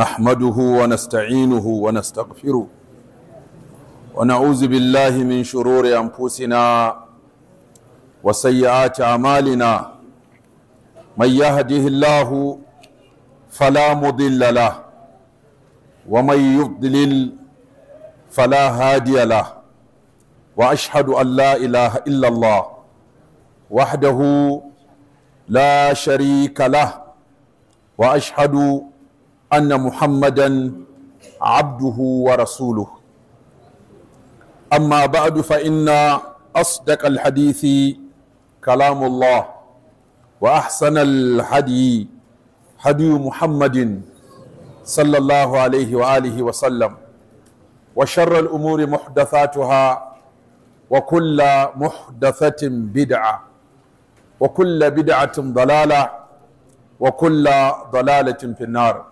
نحمده ونستعينه ونستغفره ونعوذ بالله من شرور أنفسنا وسيئات أعمالنا من يهده الله فلا مضل له ومن يضلل فلا هادي له واشهد ان لا اله الا الله وحده لا شريك له واشهد أن محمدا عبده ورسوله أما بعد فإن أصدق الحديث كلام الله وأحسن الحدي هدي محمد صلى الله عليه وآله وسلم وشر الأمور محدثاتها وكل محدثة بدعة وكل بدعة ضلالة وكل ضلالة في النار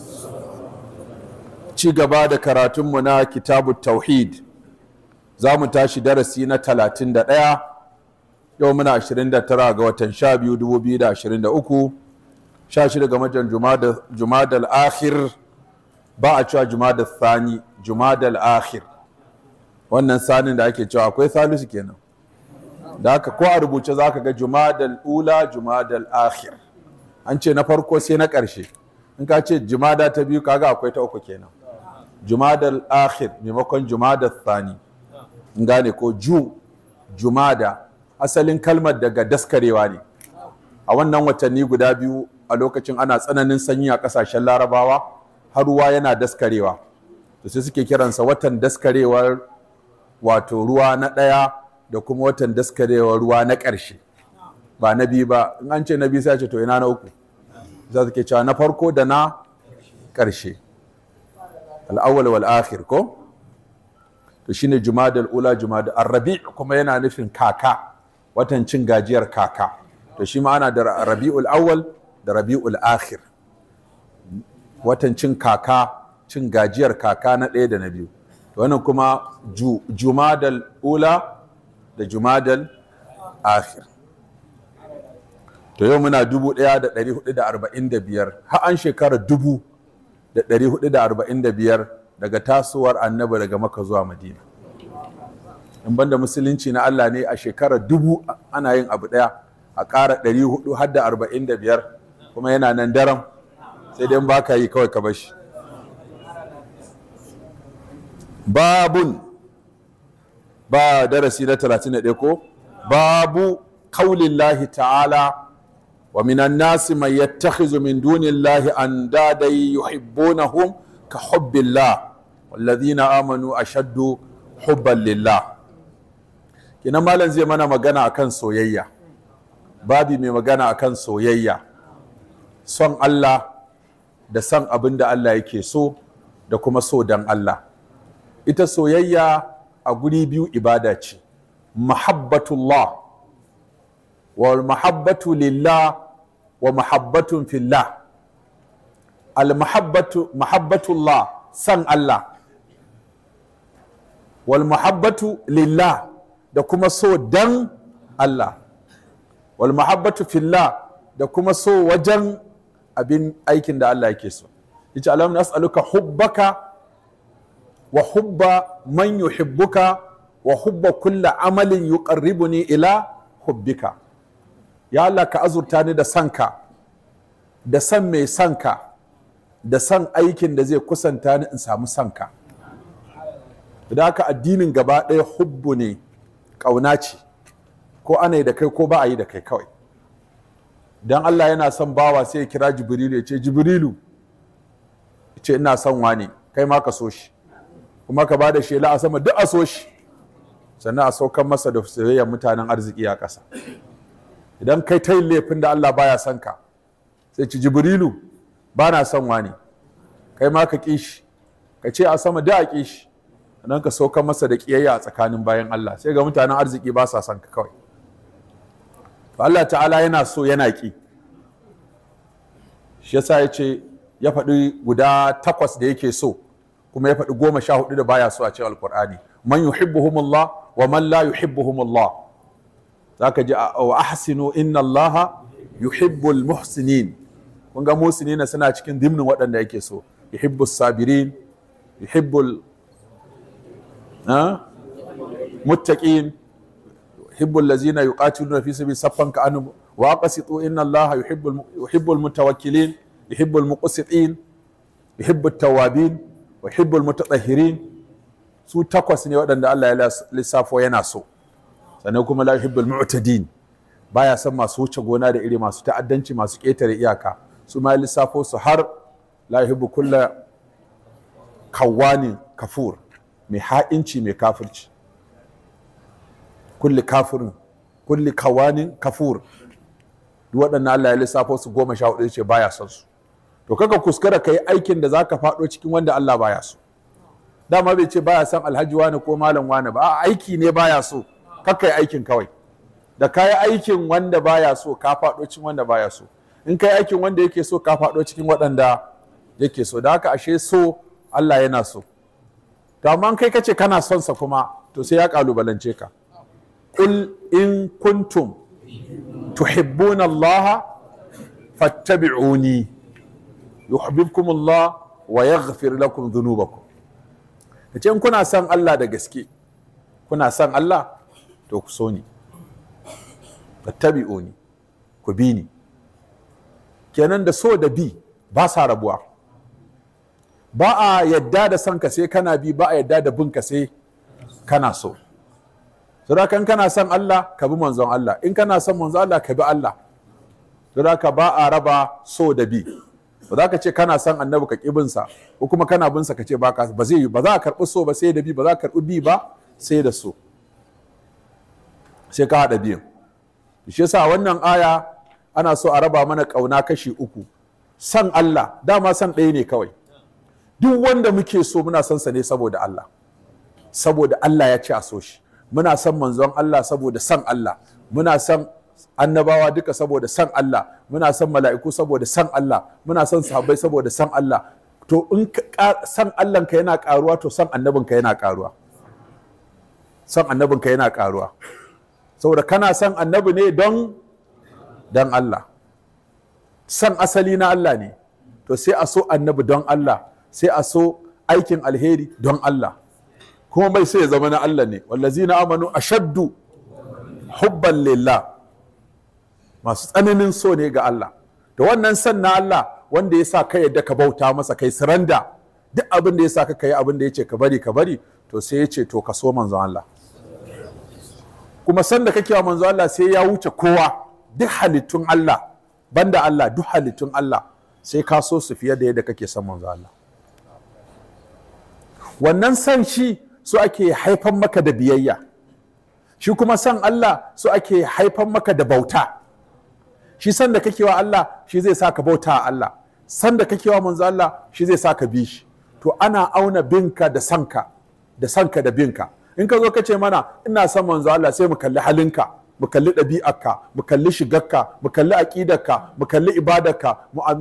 ci gaba da karatunmu na kitabu tauhid za mu tashi darasi na 31 yau muna 29 ga watan 12 2023 16 ga watan jumadal akhir ba a cewa jumadal thani jumadal akhir wannan sanin da ake cewa akwai salisu kenan da haka ko a rubuce za ka ga jumadal ula jumadal akhir an ce na farko sai na ƙarshe in ka ce jumada ta biyu kaga akwai ta uku kenan al akhir maimakon jumada thani gane ko ju jumada asalin kalmar daga daskarewa ne a wannan watanni guda biyu a lokacin ana tsananin sanyi a kasashen larabawa har ruwa yana daskarewa to sai suke kiransa watan daskarewar wato ruwa na ɗaya da kuma watan daskarewar ruwa na ƙarshe ba na biyu ba in an ce na biyu sai ce to ina na uku za su ke cewa na farko da na ƙarshe al'awwal wal akhir ko to shine jumadal ula jumadal arrabi kuma yana nufin kaka watan cin gajiyar kaka to shi ana da rabi'ul awwal da rabi'ul akhir watan cin kaka cin gajiyar kaka na ɗaya da na biyu to wannan kuma jumadal ula da jumadal akhir to yau muna dubu ɗaya da ɗari hudu da arba'in da biyar har an shekarar dubu da 445 daga tasowar annabi daga maka zuwa madina in banda musulunci na allah ne a shekara dubu ana yin abu daya a kara 445 har da kuma yana nan daram sai dai ba ka yi kawai ka bashi babun ba darasi na 31 ko babu kaulillahi ta'ala wa minan nasi man yattakhidhu min dunillahi andada yuhibbunahum ka hubbillah walladhina amanu a shaddu hubban lillah kina malam zai mana magana akan soyayya babi mai magana akan soyayya son Allah da son abin da Allah yake so da kuma so dan Allah ita soyayya a guri biyu ibada ce mahabbatullah Wa mahabbatu lillah wa mahabbatun filla al mahabbatu mahabbatullah san Allah wal mahabbatu lillah da kuma so dan Allah wal mahabbatu fillah da kuma so wajen abin aikin da Allah yake so yace alam nas'aluka hubbaka wa hubba man yuhibbuka wa hubba kulla amalin yuqarribuni ila hubbika ya Allah ka azurta ni da sanka da san mai sanka da san aikin da zai kusanta ni in samu sanka da haka addinin gaba ɗaya hubbu ne ƙauna ce ko ana yi da kai ko ba a yi da kai kawai don Allah yana son bawa sai ya kira jibrilu ya ce jibrilu ce ina son wani kai ma ka so shi kuma ka ba da shela a sama duk a so shi sannan a saukan masa da soyayyar mutanen arziki a ƙasa idan kai ta yin laifin da Allah baya son ka sai ci jibrilu ba na son wani kai ma ka ƙi ka ce a sama da a kishi, shi nan ka sauka masa da ƙiyayya a tsakanin bayan Allah sai ga mutanen arziki ba sa son ka kawai to Allah ta'ala yana so yana ƙi shi yasa ya ce ya faɗi guda takwas da yake so kuma ya faɗi goma sha hudu da baya so a cikin alkur'ani man yuhibbuhumullah wa man la yuhibbuhumullah zaka ji wa ahsinu inna allaha yuhibbul muhsinin kun ga muhsinina suna cikin dimnin waɗanda yake so yuhibbus sabirin yuhibbul muttaqin yuhibbul lazina yuqatiluna fi sabil saffan ka anu wa qasitu inna allaha yuhibbul yuhibbul mutawakkilin yuhibbul muqsitin yuhibbut tawabin yuhibbul mutatahhirin su takwas ne waɗanda Allah ya lissafo yana so sannan kuma la yuhibbul mu'tadin baya son masu wuce gona da iri masu ta'addanci masu ƙetare iyaka su ma lissafo su har la yuhibbu kulla kawwani kafur mai ha'inci mai kafirci kulli kafirin kulli kawanin kafur duk waɗannan Allah ya lissafo su goma sha hudu ce baya son su to kaka kuskura ka yi aikin da zaka faɗo cikin wanda Allah baya so dama bai ce baya son alhaji wani ko malam wani ba a aiki ne baya so yi aikin kawai da ka yi aikin wanda baya so ka faɗo cikin wanda baya so in ka yi aikin wanda yake so ka faɗo cikin waɗanda yake so da haka ashe so Allah yana so to amma kai kace kana son sa kuma to sai ya kalubalance ka kul in kuntum tuhibbuna Allah fattabi'uni yuhibbukum Allah wa yaghfir lakum dhunubakum kace in kuna son Allah da gaske kuna son Allah to ku so ni tabi ni ku bi ni kenan da so da bi ba sa rabuwa ba a yadda da son ka sai kana bi ba a yadda da bin ka sai kana so saboda in kana son Allah ka bi manzon Allah in kana son manzon Allah ka bi Allah saboda ba a raba so da bi ba za ka ce kana son annabi ka kibin sa ko kuma kana bin sa ka ce ba ka ba zai ba za ka karbi so ba sai da bi ba za ka karbi bi ba sai da so sai ka haɗa biyun shi yasa wannan aya ana so a raba mana ƙauna kashi uku san Allah dama san ɗaya ne kawai duk wanda muke so muna son sa ne saboda Allah saboda Allah ya ce a so shi muna son manzon Allah saboda san Allah muna son annabawa duka saboda san Allah muna son mala'iku saboda san Allah muna son sahabbai saboda san Allah to in san Allah ka yana karuwa to san annabinka yana karuwa san annabinka yana karuwa saboda kana son annabi ne don don Allah san asali na Allah ne to sai a so annabi don Allah sai a so aikin alheri don Allah kuma bai sai ya zama na Allah ne na amanu shaddu hubban lillah masu tsananin so ne ga Allah da wannan san na Allah wanda ya sa ka yadda ka bauta masa kai siranda duk abin da ya sa ka kai abin da ya ce ka bari ka bari to sai ya ce to ka so manzon Allah kuma sanda kake wa manzo Allah sai ya wuce kowa duk halittun Allah banda Allah duk halittun Allah sai ka so su fiye da yadda kake son manzo Allah wannan san shi su ake haifan maka da biyayya shi kuma san Allah su ake haifan maka da bauta shi san da kake wa Allah shi zai sa ka bauta Allah san da kake wa manzo Allah shi zai sa ka bi shi to ana auna binka da sanka da sanka da binka in ka zo ka ce mana ina son manzo Allah sai mu kalli halinka mu kalli ɗabi'arka mu kalli shigarka mu kalli aƙidarka mu kalli ibadarka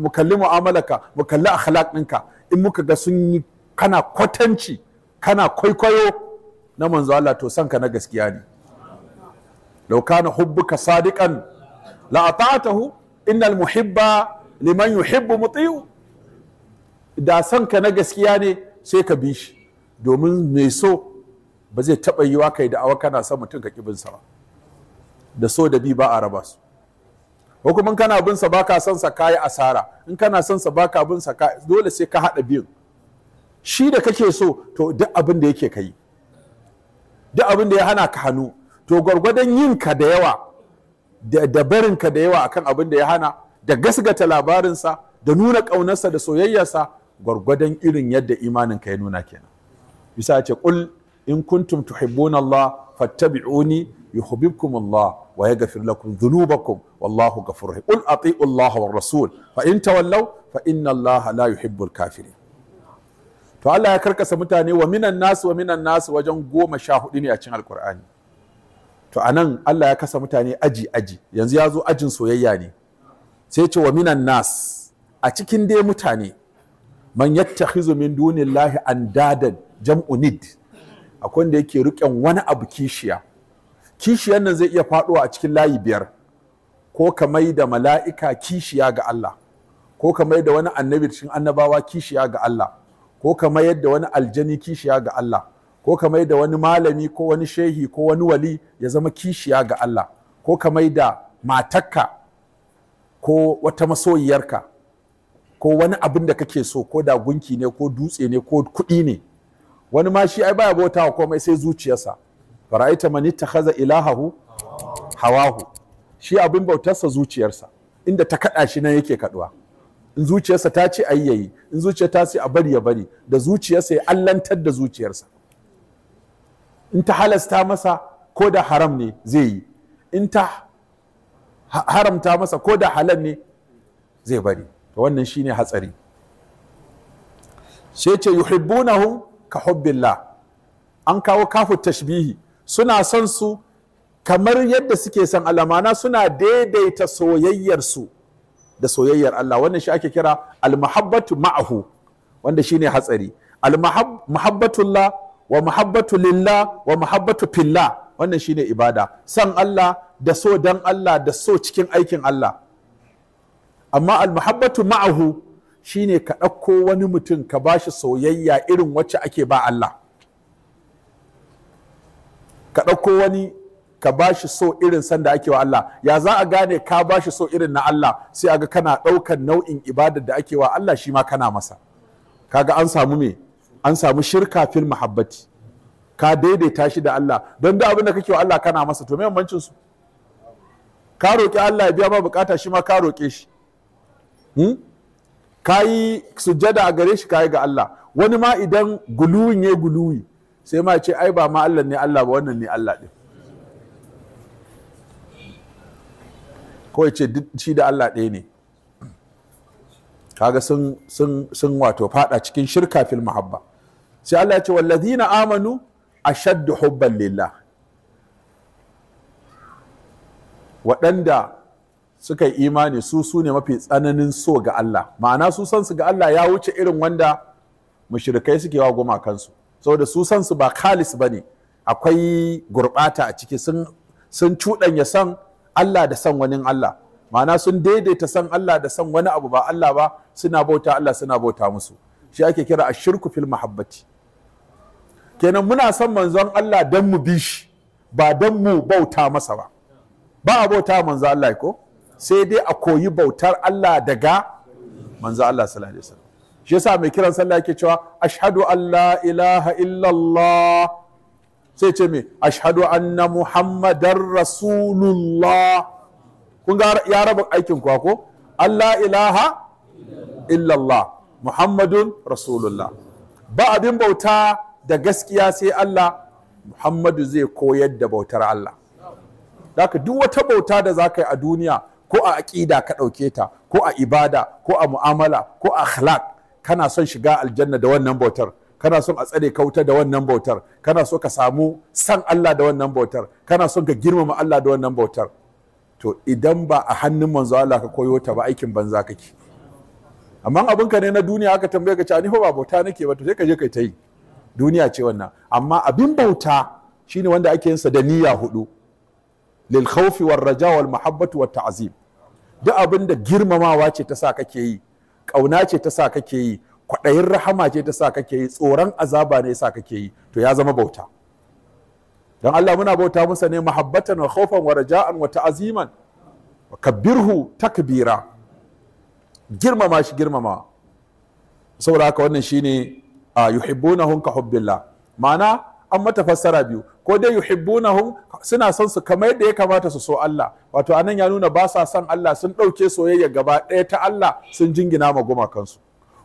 mu kalli mu'amalarka mu kalli akhlaq ɗinka in muka ga sun yi kana kwatanci kana kwaikwayo na manzo Allah to sanka na gaskiya ne law kana hubbuka sadiqan la ata'atahu innal muhibba liman yuhibbu muti'u da sanka na gaskiya ne sai ka bi shi domin mai so ba zai taɓa yiwa kai awa kana son mutum ka ƙi sa ba da so da bi ba a raba su ko kana binsa sa ka son sa kayi asara in kana son sa ka bin sa dole sai ka haɗa biyun shi da kake so to duk abin da yake kai duk abin da ya hana ka hannu to gwargwadon yin ka da yawa da barin ka da yawa akan abin da ya hana da gasgata labarinsa da nuna ƙaunarsa da soyayyarsa gwargwadon irin yadda imanin ka ya nuna kenan bisa ce kul in kuntum tuhibbuna Allah fattabi'uni yuhibbukum Allah wa yaghfir lakum dhunubakum wallahu ghafurur rahim qul ati'u Allah war rasul fa in tawallaw fa inna Allah la yuhibbul kafirin to Allah ya karkasa mutane wa minan nasu wa minan nasu wajen goma sha hudu ne a cikin alkur'ani to anan Allah ya kasa mutane aji aji yanzu ya zo ajin soyayya ne sai ce wa minan nas a cikin dai mutane man yattakhizu min dunillahi andadan jam'u nid akwai wanda yake riƙen wani abu kishiya kishiyan nan zai iya faɗuwa a cikin layi biyar ko ka mai da mala'ika kishiya ga Allah ko ka mai da wani annabi cikin annabawa kishiya ga Allah ko ka mayar da wani aljani kishiya ga Allah ko ka mai da wani malami ko wani shehi ko wani wali ya zama kishiya ga Allah ko ka mai da matakka ko wata masoyiyarka ko wani abin da kake so ko da gunki ne ko dutse ne ko kuɗi ne wani ma shi ai baya bauta wa komai sai zuciyarsa fara'aita man ittakhadha ilahahu hawahu shi abin bautarsa zuciyarsa inda ta kaɗa shi nan yake kaɗuwa. in zuciyarsa ta ce ya yayi in zuciyarsa ta ce a bari ya bari da zuciyarsa ya allantar da zuciyarsa in ta halasta masa ko da haram ne zai yi in ta haramta masa ko da halal ne zai bari to wannan shine hatsari sai ce yuhibbunahum ka hubbillah an kawo kafu tashbihi suna son su kamar yadda suke son alamana suna daidaita soyayyarsu da soyayyar Allah wannan shi ake kira almuhabbatu ma'ahu wanda shine hatsari almuhabbatullah wa muhabbatu lillah wa muhabbatu fillah wannan shine ibada san Allah da so dan Allah da so cikin aikin Allah amma almuhabbatu ma'ahu shine ka ɗauko wani mutum ka ba shi soyayya irin wacce ake ba Allah ka ɗauko wani ka ba shi so irin sanda ake wa Allah ya za a gane ka ba shi so irin na Allah sai a ga kana ɗaukan nau'in ibadar da ake wa Allah shi ma kana masa kaga an samu me an samu shirka fil muhabbati ka daidaita shi da Allah don da abin da kake wa Allah kana masa to me bambancin su ka roƙi Allah ya biya ma bukata shi ma ka roƙe shi hmm? kayi sujada a gare shi kayi ga Allah wani ma idan guluwin ya guluwi sai ma ce ai ba ma Allah ne Allah ba wannan ne Allah din kawai ce shi da Allah ɗaya ne kaga sun wato fada cikin shirka fil mahabba sai Allah ya ce wallazina amanu ashaddu hubban lillah waɗanda suka yi imani su su ne mafi tsananin so ga Allah ma'ana su san su ga Allah ya wuce irin wanda mushrikai suke wa kansu. saboda su san su ba khalis bane akwai gurbata a ciki sun sun cuɗanya san Allah da san wani Allah ma'ana sun daidaita san Allah da san wani abu ba Allah ba suna bauta Allah suna bauta musu shi ake kira ashirku fil mahabbati kenan muna son manzon Allah dan mu bi shi ba dan mu bauta masa ba ba a bauta manzon Allah ko sai dai a koyi bautar Allah daga manzo Allah sallallahu alaihi wasallam shi yasa mai kiran sallah yake cewa ashhadu an la ilaha illallah sai ce me ashhadu anna muhammadar rasulullah kun ga ya raba aikin kuwa ko Allah ilaha illallah muhammadun rasulullah ba abin bauta da gaskiya sai Allah muhammadu zai koyar da bautar Allah Daka duk wata bauta da za ka yi a duniya ko a aƙida ka ɗauke ta ko a ibada ko a mu'amala ko a akhlaq kana son shiga aljanna da wannan bautar kana son a tsare kauta da wannan bautar kana so ka samu san Allah da wannan bautar kana son ka girmama Allah da wannan bautar to idan ba a hannun manzo Allah ka koyo ta ba aikin banza kake amma abin ka ne na duniya aka tambaye ka ce ni fa ba bauta nake ba to sai ka je kai ta yi duniya ce wannan amma abin bauta shine wanda ake yin sa da niyya hudu lil khawfi war raja wal mahabbatu wat ta'zim duk abin da girmamawa ce ta sa kake yi ƙauna ce ta sa kake yi kwaɗayin rahama ce ta sa kake yi tsoron azaba ne sa kake yi to ya zama bauta don Allah muna bauta masa ne mahabbatan wa khaufan wa raja'an wa ta'aziman wa kabbirhu takbira girmama shi girmama saboda haka wannan shine yuhibbunahum ka hubbillah ma'ana an mata fassara biyu ko dai yuhibbunahum suna son su kamar yadda ya kamata su so Allah wato anan ya nuna ba sa son Allah sun ɗauke soyayya gaba ɗaya ta Allah sun jingina ma gumakansu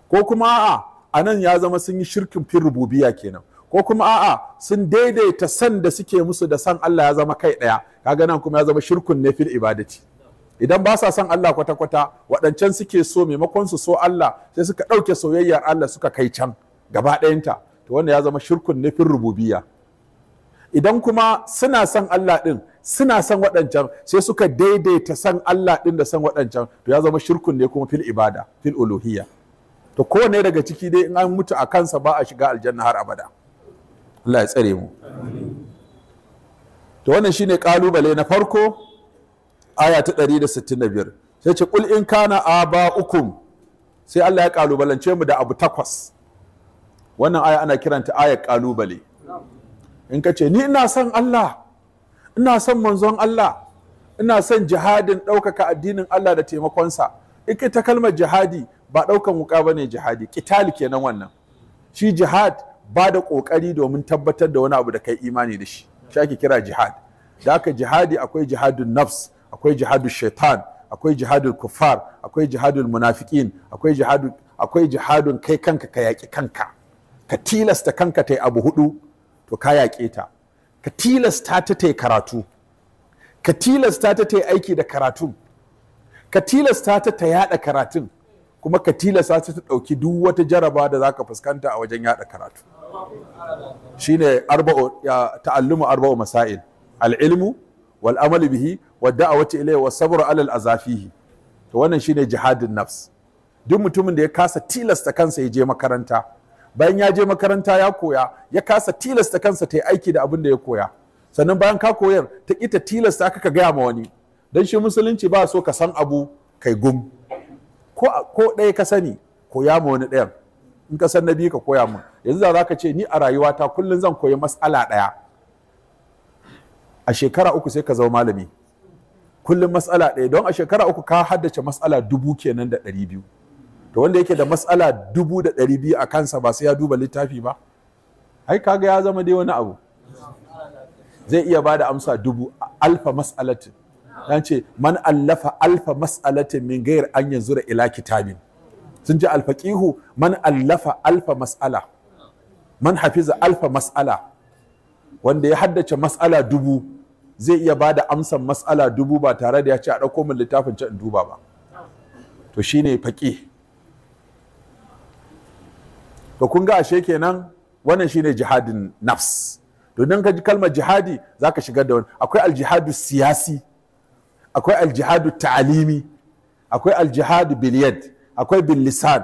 ko kuma a'a anan ya zama sun yi shirkin fin rububiya kenan ko kuma a'a sun daidaita san da suke musu da san Allah ya zama kai ɗaya kaga nan kuma ya zama shirkun ne fil ibadati idan ba sa son Allah kwata-kwata waɗancan suke so maimakon su so Allah sai suka ɗauke soyayyar Allah suka kai can gaba ɗayanta to wanda ya zama shirkun nufin rububiya idan kuma suna son Allah ɗin, suna son waɗancan sai suka daidaita son Allah ɗin da son waɗancan to ya zama shirkun ne kuma fil ibada fil uluhiyya to kowane daga ciki dai in an mutu a kansa ba a shiga aljanna har abada Allah ya tsare mu to wannan shine kalubale na farko aya ta 165 sai ce kul in kana aba'ukum sai Allah ya kalubalance mu da abu takwas wannan aya ana kiranta ayar kalubale in ka ce ni ina son Allah ina son manzon Allah ina son jihadin ɗaukaka addinin Allah da taimakonsa ika ta kalmar jihadi ba ɗaukan wuka ba ne jihadi Kitali kenan wannan shi jihad ba da ƙoƙari domin tabbatar da wani abu da kai imani da shi shi ake kira jihad da aka jihadi akwai jihadun nafs akwai jihadun shaitan akwai jihadun kufar akwai jihadun munafikin. akwai jihadun akwai jihadun kai kanka ka yaƙi kanka ka tilasta kanka ta abu hudu to ka yaƙe ta ka tilasta ta ta karatu ka tilasta ta ta aiki da karatun ka tilasta ta ta yada karatun kuma ka tilasta ta ta ɗauki duk wata jaraba da za ka fuskanta a wajen yaɗa karatu shine arba'u ta'allumu arba'u masail al-ilmu wal amal bihi wa da'awati ilayhi wa sabru alal azafihi to wannan shine jihadin nafs duk mutumin da ya kasa tilasta kansa ya je makaranta bayan ya je makaranta ya koya ya kasa tilasta kansa ta yi aiki da abin da ya koya sannan bayan ka koyar ta ki ta tilasta ka ka gaya ma wani Don shi musulunci ba so ka san abu kai gum ko ko ɗaya ka sani koya ma wani ɗayan in ka san na biyu ka koya min yanzu za ka ce ni a rayuwata kullum zan koyi mas'ala ɗaya a shekara uku sai ka zama malami kullum mas'ala ɗaya don a shekara uku ka haddace mas'ala dubu kenan da ɗari biyu to wanda yake da matsala dubu da ɗari biyu a kansa ba sai ya duba littafi ba ai kaga ya zama dai wani abu zai iya ba da amsa dubu alfa mas'alatin dan ce man allafa alfa mas'alatin min gayar an yanzu da ila kitabin sun ji alfaqihu man allafa alfa mas'ala man hafiza alfa mas'ala wanda ya haddace mas'ala dubu zai iya ba da amsan mas'ala dubu ba tare da ya ce a ɗauko min littafin can in duba ba to shine faqih to kun ga ashe kenan wannan shine jihadin nafs to dan ka ji kalmar jihadi zaka shigar da wani akwai aljihadu siyasi akwai aljihadu ta'alimi akwai aljihadu biliyad akwai bil lisan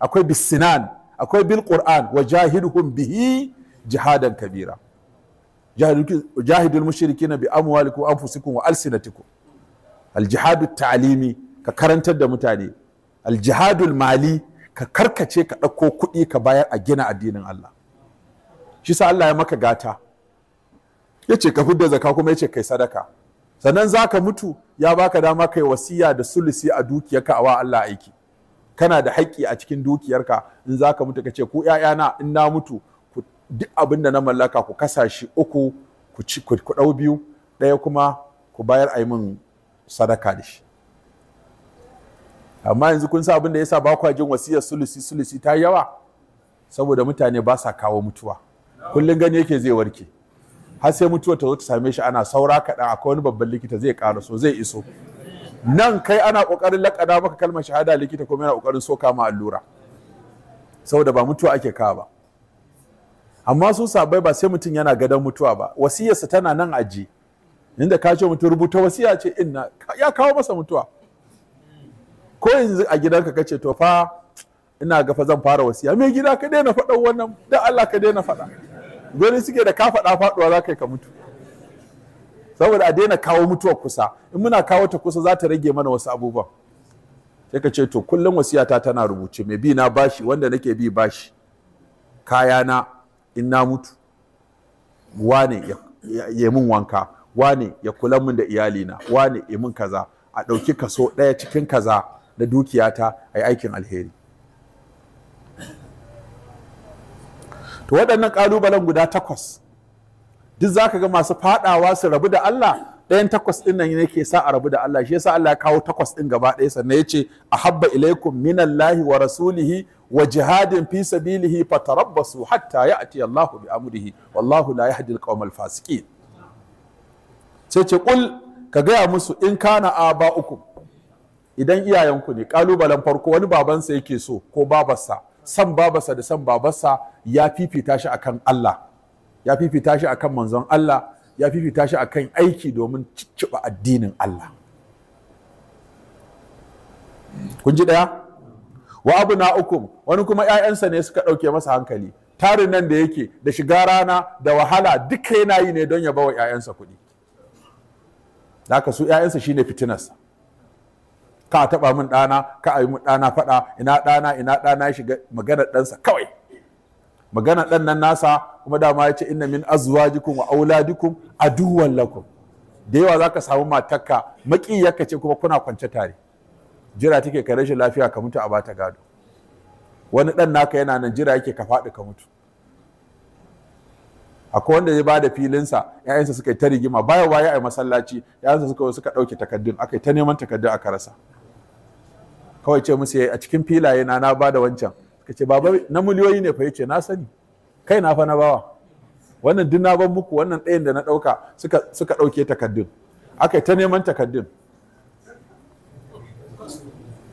akwai bisinan, sinan akwai bil qur'an wa jahidhum bihi jihadan kabira jahidul mushrikina bi amwalikum anfusikum wa alsinatikum aljihadu ta'alimi ka karantar da mutane aljihadul mali ka karkace ka ɗauko kuɗi ka bayar a gina addinin Allah shi sa Allah ya maka gata ya ce ka da zaka kuma ya ce kai sadaka sannan za ka mutu ya baka dama kai wasiya da sulusi a dukiyarka a wa Allah aiki kana da haƙƙi a cikin dukiyarka in za ka mutu ka ce ku ƴaƴana in na mutu duk abin da na mallaka ku kasa shi uku ku ɗau biyu ɗaya kuma ku bayar a yi min sadaka da shi amma yanzu kun sa abin da yasa ba kwa jin wasiyar sulusi sulusi ta yawa saboda mutane ba sa kawo mutuwa kullum gani yake zai warke har sai mutuwa ta zo ta same shi ana saura kaɗan akwai wani babban likita zai ƙara so zai iso nan kai ana ƙoƙarin laƙada maka kalmar shahada likita kuma yana ƙoƙarin soka ma allura saboda ba mutuwa ake kawo ba amma su sabai ba sai mutum yana gadon mutuwa ba wasiyarsa tana nan aji inda ka ce mutum rubuta wasiya ce inna ya kawo masa mutuwa ko yanzu a gidanka kace to fa ina ga fa zan fara wasiya me gida ka daina faɗa wannan da Allah ka daina faɗa gani suke da ka faɗa faɗuwa za ka ka mutu saboda a daina kawo mutuwa kusa in muna kawo ta kusa za ta rage mana wasu abubuwa sai ka ce to kullum wasiyata tana rubuce mai bi na bashi wanda nake bi bashi kayana in na mutu wane ya mun wanka wane ya kula mun da iyalina wane ya mun kaza a ɗauki kaso ɗaya cikin kaza da dukiyata a yi aikin alheri to waɗannan ƙalubalen guda takwas duk za ka ga masu faɗawa su rabu da Allah ɗayan takwas ɗin nan yake sa a rabu da Allah shi yasa Allah ya kawo takwas ɗin gaba ɗaya sannan ya ce a habba ilaikum minallahi wa rasulihi wa jihadin fi sabilihi fatarabbasu hatta ya'ti Allahu bi amrihi wallahu la yahdi al-qawmal fasiqin sai ce kul ka gaya musu in kana aba'ukum idan iyayenku ne kalubalen farko wani babansa yake so ko babarsa san babarsa da san babarsa ya fifita shi akan Allah ya fifita shi akan manzon Allah ya fifita shi akan aiki domin cicciba addinin Allah kun ji daya wa abu na ukum wani kuma 'ya'yansa ne suka ɗauke masa hankali tarin nan da yake da shiga rana da wahala duka yana yi ne don ya bawa 'ya'yansa kuɗi haka su 'ya'yansa shine fitinarsa ka taba min ɗana ka yi min ɗana faɗa ina ɗana ina ɗana ya shiga magana ɗansa kawai magana ɗan nan nasa kuma dama ya ce inna min azwajikum wa auladikum aduwwan lakum da yawa zaka samu matarka makiyarka ce kuma kuna kwance tare jira take ka rashin lafiya ka mutu a bata gado wani ɗan naka yana nan jira yake ka faɗi ka mutu akwai wanda ya bada filinsa ‘ya'yansa suka yi ta rigima baya waye a masallaci ‘ya'yansa suka suka ɗauke takaddun aka yi ta neman takaddun aka rasa kawai ce musu a cikin filaye na na bada wancan Ka ce baba na miliyoyi ne fa yace na sani kai na fa na bawa wannan duk na ban muku wannan ɗayan da na ɗauka suka suka ɗauke takaddun aka yi ta neman takaddun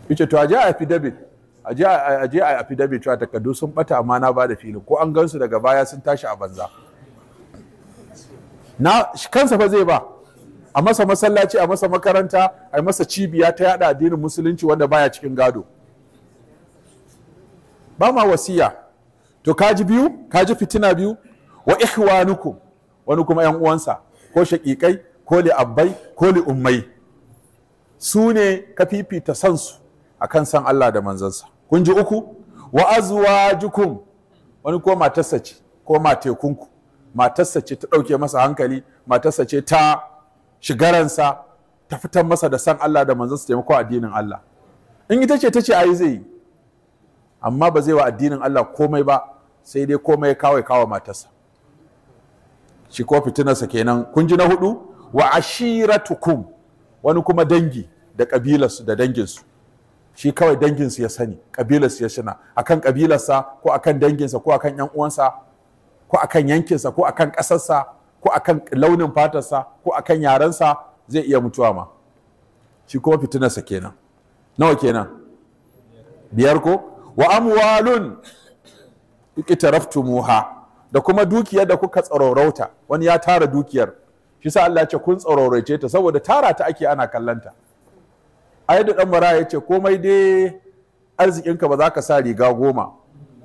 yace to aje a affidavit aje aje a affidavit to takaddu sun bata amma na bada filin ko an gansu daga baya sun tashi a banza na kansa fa zai ba a masa masallaci a masa makaranta a masa cibiya ta yada addinin musulunci wanda baya cikin gado ba ma wasiya to kaji biyu kaji fitina biyu wa ihwanukum wani kuma yan uwansa ko shaƙiƙai ko abbai ko ummai su ne ka fifita san su akan san Allah da manzansa kun ji uku wa azwajukum wani ko matarsa ce ko matekunku matarsa ce ta ɗauke masa hankali matarsa ce ta shigaransa ta fitar masa da san Allah da manzon su taimako addinin Allah in ita ce ta ce ayi zai yi amma ba zai wa addinin Allah komai ba sai dai komai kawai kawo matarsa shi ko fitinarsa kenan kun ji na hudu wa tukun wani kuma dangi da kabilarsu da danginsu shi kawai danginsu ya sani kabilarsu ya shina akan kabilarsa ko akan danginsa ko akan yan uwansa ko akan yankinsa ko akan ƙasarsa ko akan launin fatarsa ko akan yarensa zai iya mutuwa ma shi kuma fitinarsa kenan nawa kenan biyar ko wa amwalun iqtaraftumuha da kuma dukiyar da kuka tsarorauta wani ya tara dukiyar shi sa Allah ya ce kun tsaroraice ta saboda tara ta ake ana kallanta ai da dan maraya ya ce komai dai arzikinka ba za ka sa riga goma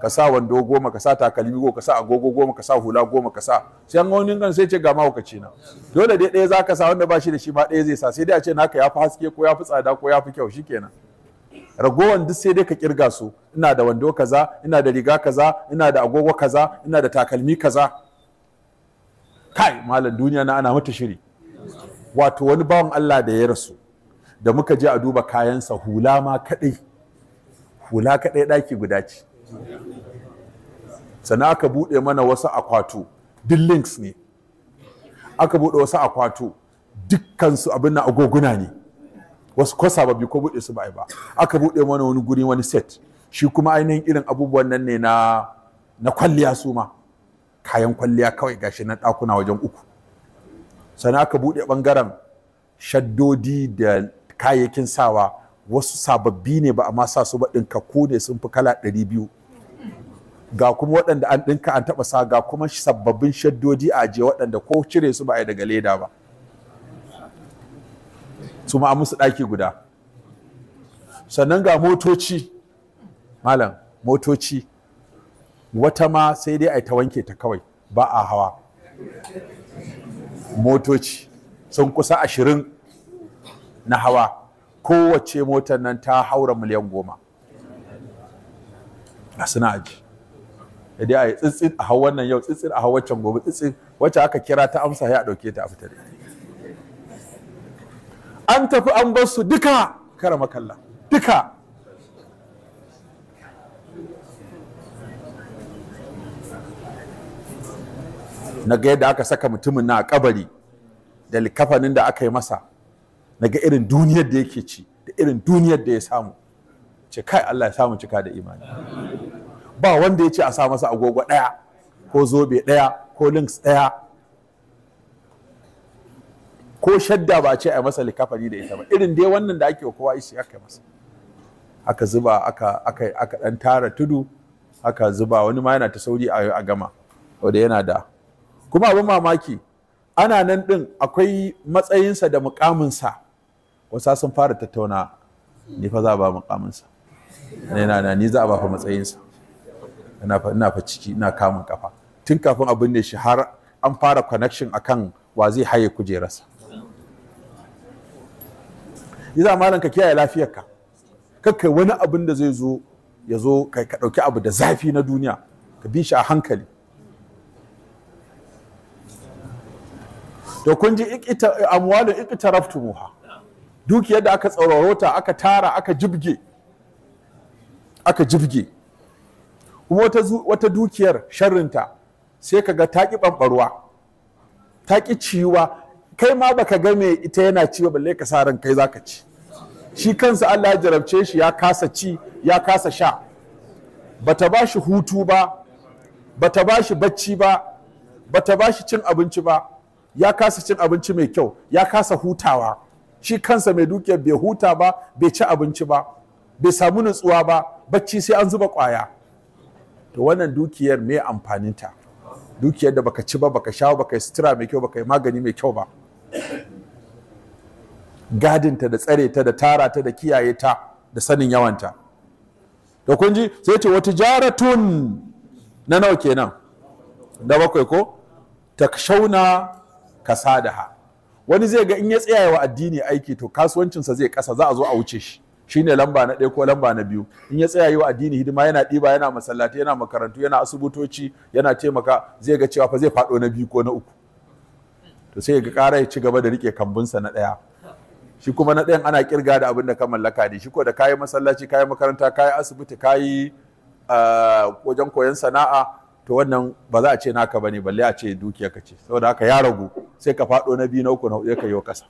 ka sa wando goma ka sa takalmi goma ka sa agogo goma ka sa hula goma ka sa sai an gani kan sai ce ga mahaukaci na dole dai ɗaya zaka sa wanda ba shi da shi ma ɗaya zai sa sai dai a ce naka ya fi haske ko ya fi tsada ko ya fi kyau shikenan ragowan duk sai dai ka kirga su ina da wando kaza ina da riga kaza ina da agogo kaza ina da takalmi kaza kai malam duniya na ana mata shiri wato wani bawan Allah da ya rasu da muka je a duba kayansa hula ma kadai hula kadai daki guda ce sana aka buɗe mana wasu akwatu duk links ne aka buɗe wasu akwatu dukkansu abin na agoguna ne wasu ko sababbi ko buɗe su ba ba aka buɗe mana wani guri wani set shi kuma ainihin irin abubuwan nan ne na na kwalliya su ma kayan kwalliya kawai gashi na ɗakuna wajen uku sannan aka buɗe ɓangaren shaddodi da kayayyakin sawa wasu sababbi ne ba a ma sa su ba ɗinka ko ne sun fi kala ɗari biyu ga kuma waɗanda an ɗinka an taɓa sa ga kuma sababbin shaddodi a ajiye waɗanda ko cire su ba a daga leda ba su ma musu ɗaki guda sannan ga motoci malam motoci wata ma sai dai a yi ta wanke ta kawai ba a hawa motoci sun kusa ashirin na hawa kowace motar nan ta haura miliyan goma a suna aji dai a yi tsitsit a hau wannan yau tsitsit a hau can gobe tsitsit wacce aka kira ta amsa ya ɗauke ta a fita an tafi an bar su duka kara makalla duka na ga yadda aka saka mutumin na kabari da likafanin da aka yi masa na ga irin duniyar da yake ci da irin duniyar da ya samu ce kai Allah ya samu cika da imani ba wanda ya ce a sa masa agogo ɗaya ko zobe ɗaya ko links ɗaya ko shadda ba ce a yi masa likafani da ita ba irin dai wannan da ake kowa ishi aka masa aka zuba aka aka tara tudu aka zuba wani ma yana ta sauri a gama wanda yana da kuma abin mamaki ana nan ɗin akwai matsayinsa da mukaminsa wasa sun fara tattauna ni fa za ba mukaminsa na ni za a ba fa matsayinsa ina fa ciki ina kamun kafa tun kafin abin ne shi har an fara connection akan wa zai haye kujerarsa iza malam ka kiyaye Ka kakka wani abin da zai zo ya zo ka ɗauki abu da zafi na duniya ka bi shi a hankali to kun ji raftu muha duk yadda aka tsauraro aka tara aka jibge aka jibge kuma wata dukiyar sharrinta sai ka ga ta ƙi ɓamɓarwa ta ciwa kai ma baka ga me ita yana ci ba balle ka sa ran kai zaka ci shi kansa Allah ya jarabce shi ya kasa ci ya kasa sha bata ba shi hutu ba bata ba shi bacci ba bata ba shi cin abinci ba ya kasa cin abinci mai kyau ya kasa hutawa shi kansa mai dukiyar bai huta ba bai ci abinci ba bai samu nutsuwa ba bacci sai an zuba kwaya to wannan dukiyar me amfaninta dukiyar da baka ci ba baka sha baka yi sutura mai kyau baka yi magani mai kyau ba gadinta da tsare ta da tara ta da kiyaye ta da sanin yawanta to kun ji sai ce wata jaratun na nawa kenan da bakwai ko ta shauna takshauna ha. wani zai ga in ya tsaya wa addini aiki to kasuwancinsa zai kasa za a zo a wuce shi shine lamba na ɗaya ko lamba na biyu in ya tsaya yi wa addini hidima yana ɗiba yana masallatai yana makarantu yana asibitoci yana taimaka zai ga cewa fa zai faɗo na biyu ko na uku to sai ga ƙara ya ci gaba da riƙe kambunsa na ɗaya shi kuma na ɗayan ana kirga da abin da ka mallaka ne shi ko da kayi masallaci kayi makaranta kayi asibiti kayi ah, wajen koyon sana'a to wannan ba za a ce naka ne? balle a ce ka ce saboda haka ya ragu sai ka faɗo na biyu na uku na huɗu ka yi wa ƙasa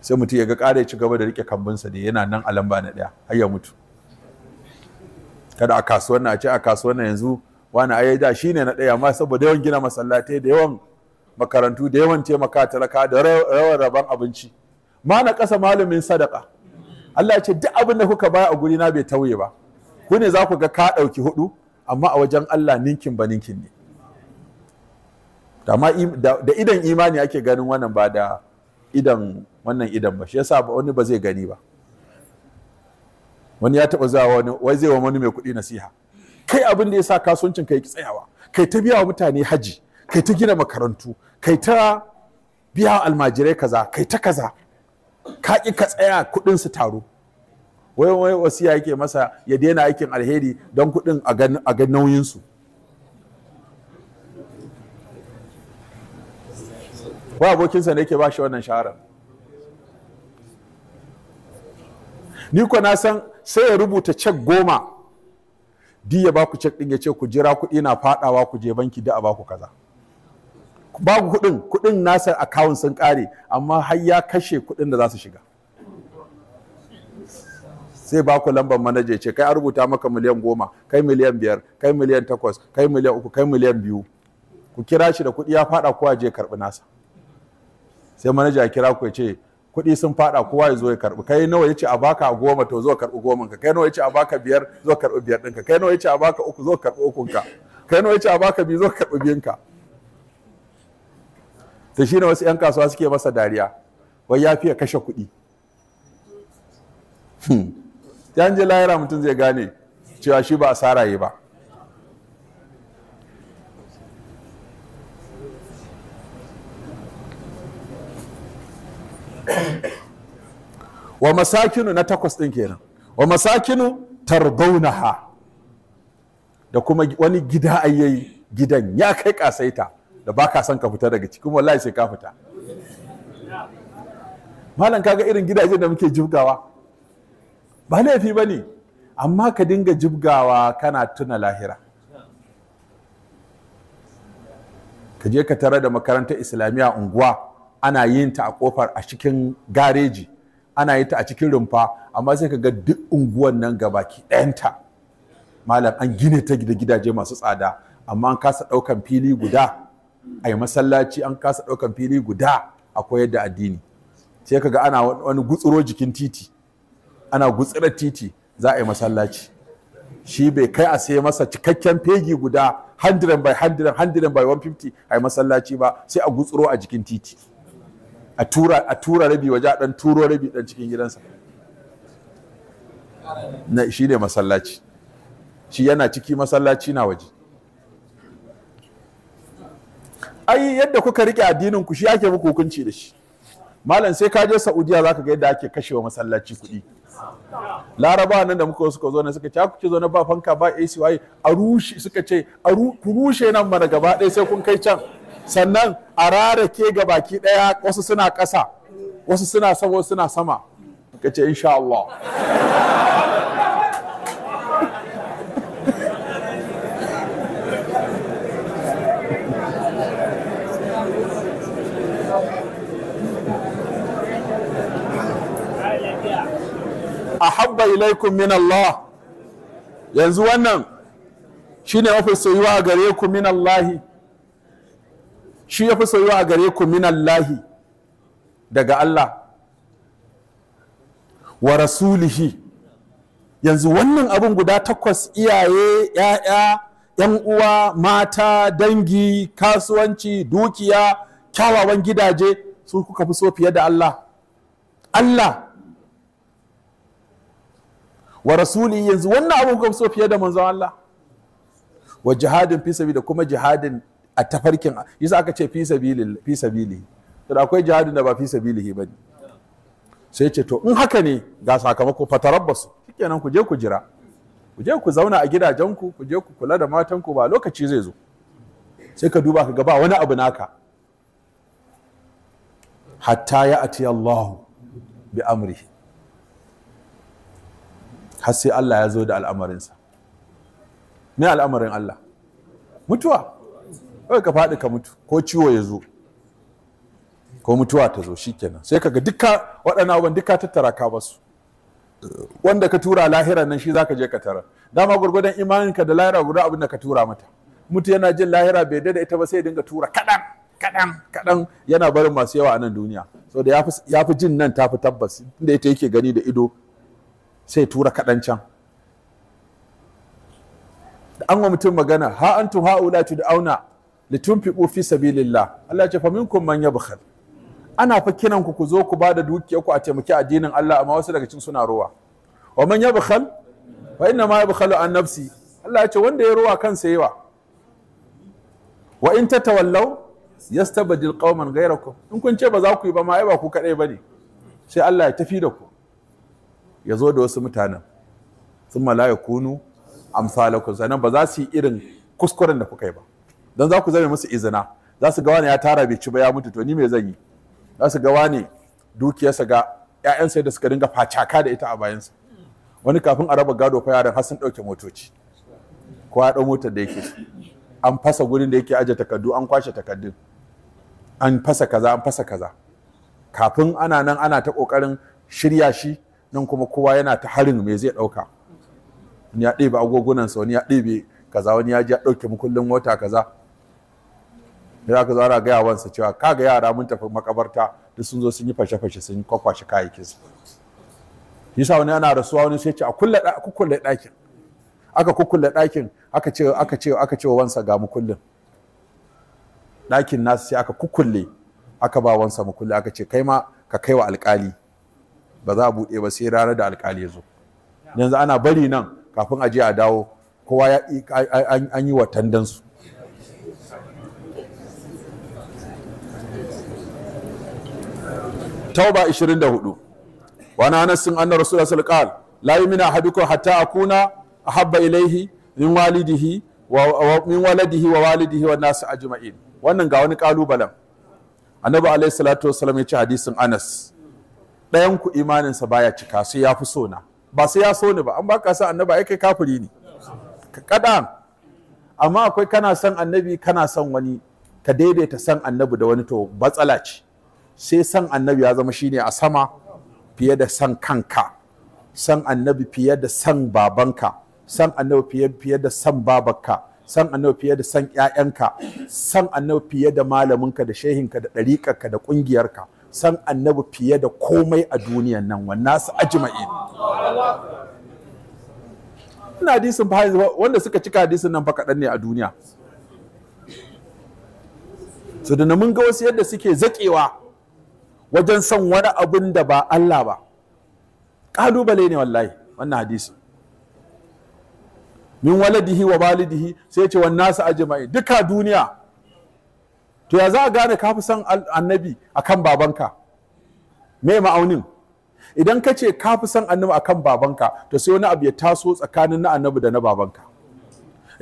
sai mutum ya ga ƙara ya ci gaba da rike kambunsa. da yana nan a lamba na ɗaya har ya mutu kada a kasuwan na a ce a kasuwan na yanzu wani a da shi ne na ɗaya amma saboda yawan gina masallatai da yawan makarantu da yawan taimaka talaka da rawar rabon abinci ma na ƙasa malamin sadaka Allah ce duk abin da kuka baya a guri na bai tauye ba ku ne za ku ga ka ɗauki hudu amma a wajen Allah ninkin ba ninkin ne da idan imani ake ganin wannan ba da idan wannan idan ba shi yasa wani ba zai gani ba wani ya taba zuwa wani wai zai wa wani mai kuɗi nasiha kai abin da yasa kasuwancin kai ki tsayawa kai ta biya wa mutane haji kai ta gina makarantu kai ta biya wa almajirai kaza kai ta kaza ka ki ka tsaya kuɗin su taro wai wai wasiya yake masa ya daina aikin alheri don kuɗin a ga nauyin su abokinsa ne yake ba shi wannan shaharar ni ko na san sai ya rubuta cek goma di ya baku cek din ya ce ku jira kuɗi na faɗawa ku je banki da a baku kaza baku kuɗin kuɗin nasa akawun sun ƙare amma har ya kashe kuɗin da za su shiga sai ba ku lambar manaja ce kai a rubuta maka miliyan goma kai miliyan biyar kai miliyan takwas kai miliyan uku kai miliyan biyu ku kira shi da kuɗi ya faɗa a je karɓi nasa sai manaja ya kira ku ya ce kuɗi sun faɗa kowa ya zo ya karɓi kai nawa yace a baka goma to zo karɓi goman ka kai nawa yace a baka biyar zo karɓi biyar ɗinka kai nawa yace a baka uku zo karɓi ukun ka kai nawa yace a baka biyu zo karɓi biyun ka to shine wasu yan kasuwa suke masa dariya wai ya fiye kashe kuɗi yan hmm. je lahira mutum zai gane cewa shi ba asara yi ba wa masakinu na takwas ɗin kenan wa masakinu tarbaunaha da kuma wani gida ayyayi gidan ya kai kasaita da ba ka son ka fita daga cikin wallahi sai ka fita malam kaga irin gidaje da muke jibgawa ba laifi ba ne amma ka dinga jibgawa kana tuna lahira ka je ka tare da makarantar islamiyya unguwa ana yin ta a kofar a cikin gareji ana yi ta a cikin rumfa amma sai ka ga duk unguwan nan baki ɗayanta malam an gine ta da gidaje masu tsada amma an kasa ɗaukan fili guda a yi masallaci an kasa ɗaukan fili guda a koyar da addini sai ka ga ana wani gutsuro jikin titi ana gutsurar titi za a yi masallaci shi bai kai a sai masa cikakken fegi guda 100 by 100 100 by 150 a yi masallaci ba sai a gutsuro a jikin titi a tura rabi waje a dan turo rabi dan cikin gidansa na shi ne masallaci shi yana ciki masallaci na waje ai yadda kuka rike addinin ku shi ake muku hukunci da shi malam sai ka je Saudiya zaka ga yadda ake kashewa masallaci kuɗi Laraba nan da muka suka zo ne suka ce ku zo na ba fanka ba AC a rushe suka ce a rushe nan mana gaba ɗaya sai kun kai can sannan a rarake ga baki ɗaya wasu suna ƙasa wasu suna sama suna sama ka ce insha Allah ahabba ilaikum min Allah yanzu wannan shine mafi soyuwa gare ku min Allahi shi ya fi soyuwa a gare ku minallahi daga Allah wa rasulihi yanzu wannan abin guda takwas iyaye ‘ya'ya ‘yan uwa mata dangi kasuwanci dukiya kyawawan gidaje su kuka fi so fiye da Allah Allah wa rasuli yanzu wannan abin kuka fi so fiye da manzon Allah wa jihadin fi da kuma jihadin a tafarkin yasa aka ce fi sabili fi sabili akwai jihadin da ba fi sabili ba ne. sai ce to in haka ne ga sakamako fatarabbasu shikenan ku je ku jira ku je ku zauna a gidajenku ku je ku kula da matanku ba lokaci zai zo sai ka duba ka ga ba wani abu naka hatta ya ati Allah bi amri har sai Allah ya zo da al'amarinsa me al'amarin Allah mutuwa kawai ka faɗi ka mutu ko ciwo ya zo ko mutuwa ta zo shikenan sai kaga duka waɗannan abubuwan duka tattara ka basu wanda ka tura lahira nan shi ka je ka tara dama gwargwadon imanin ka da lahira guda abin da ka tura mata mutu yana jin lahira bai da ita ba sai dinga tura kaɗan kaɗan kaɗan yana barin masu yawa a nan duniya so da ya fi jin nan tafi tabbas inda ita yake gani da ido sai tura kaɗan can da an wa mutum magana ha antum ha'ula tud'auna litunfiqu fi sabilillah Allah ya ce fa minkum man yabkhal ana fa kiran ku ku zo ku bada dukiyar ku a taimaki addinin Allah amma wasu daga cikin suna rowa wa man yabkhal fa inna ma yabkhalu an nafsi Allah ya ce wanda ya rowa kansa yawa wa in tatawallaw yastabdil qauman ghayrakum in kun ce ba za ku yi ba ma ai ba ku kadai bane sai Allah ya tafi da ku ya zo da wasu mutanen thumma la yakunu amsalakum sanan ba za su yi irin kuskuren da kuka yi ba dan za ku zame musu izina za su ga wani ya tara bai ci ba ya mutu to ni me zan yi za su ga wani dukiyarsa ga ƴaƴan sai da suka dinga facaka da ita a bayansa wani kafin a raba gado fa yaran har sun ɗauke motoci ko ya ɗau motar da yake an fasa gurin da yake aje takardu an kwashe takardun an fasa kaza an fasa kaza kafin ana nan ana ta kokarin shirya shi nan kuma kowa yana ta harin me zai dauka wani ya ɗebe agogunansa wani ya ɗebe kaza wani ya je ya ɗauke mukullin mota kaza da aka zo ana gaya wansa cewa kaga yara mun tafi makabarta duk sun zo sun yi fashe-fashe sun kwakwashe kayayyakin su yasa wani ana rasuwa wani sai ce a kulle ɗakin aka kukulle ɗakin aka ce aka ce aka ce wansa ga mu kullun ɗakin nasu sai aka kukulle aka ba wansa mu kullun aka ce kai ma ka kai wa alƙali ba za a buɗe ba sai ranar da alƙali ya zo yanzu ana bari nan kafin a je a dawo kowa an yi wa tandansu tauba 24 wani Anas sun anna rasul da alaihi la yumina ahadukum hatta akuna ahabba ilaihi min walidihi wa min waladihi wa walidihi wa nasu ajma'in wannan ga wani kalubalen annabi alaihi salatu wasallam ya ci hadisin anas ɗayan ku imaninsa baya cika sai ya fi so na ba sai ya so ni ba an ba ka san annabi ai kai kafiri ne kada amma akwai kana son annabi kana son wani ka daidaita son annabi da wani to batsala ce sai san annabi ya zama shine a sama fiye da san kanka san annabi fiye da san babanka san annabi fiye da san babanka san annabi fiye da san ƴaƴanka san annabi fiye da malaminka da shehinka da ɗariƙarka da ƙungiyarka san annabi fiye da komai a duniyan nan wannan su ajma'in ina hadisin fa wanda suka cika hadisin nan fa kaɗan ne a duniya su da mun ga wasu yadda suke zaƙewa wajen son wani abun da ba Allah ba ƙalubale ne wallahi wannan hadisi min waladihi wa walidihi sai ce wa nasu ajma'i duka duniya to ya za a gane ka fi son annabi akan babanka me ma'aunin idan ka ce ka fi son annabi akan babanka to sai wani abu ya taso tsakanin na annabi da na babanka